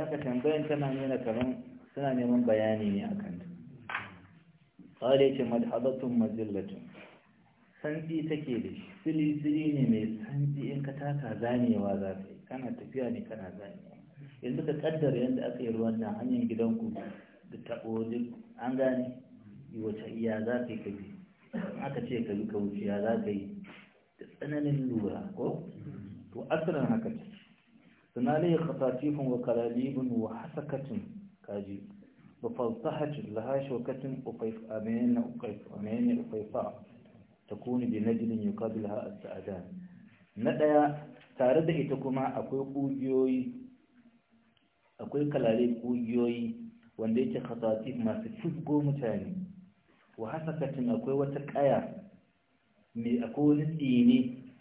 haka tambayan tana nuna kaman suna neman bayani ne a kanta ƙwale ce madhabatun mazillatun santi take da shi sili-sili ne mai santi in ka taka zanewa za ka yi kana tafiya ne kana zanewa yanzu ka kaddara yadda aka yi ruwan nan hanyar gidanku da taɓo duk an gane wace iya za ka yi ka bi aka ce ka bi ka wuce za ka yi da tsananin lura ko to asirin haka ce سنالي خطاتيف وقلاليب وحسكة كاجي وفلطحة لها شوكة أقيف أمين أقيف أمين أقيفاء تكون بنجل يقابلها السعدان ندأ تارد إتكما أقوي قوجيوي أقوي كلاليب قوجيوي وانديك خطاتيف ما ستفقو متاني وحسكة أقوي وتكايا mai akwai wani tsini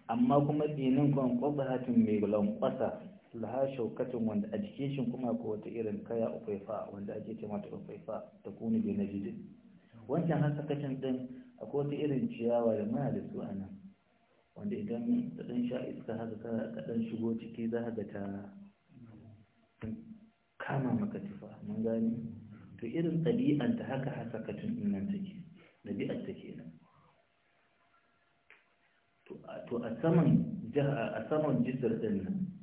amma kuma tsinin kwan hatin mai lankwasa laha shaukatun wanda a jikin shi kuma ko wata irin kaya ufaifa wanda ake ce mata ufaifa ta kuni bi najidin wancan hasakacin din akwai wata irin ciyawa da muna da su a nan wanda idan ta dan sha iska haka ka dan shigo ciki za ka ta kama maka tufa mun gani to irin ɗabi'ar ta haka hasakacin din nan take ɗabi'ar ta kenan to a saman jihar a saman jisar din nan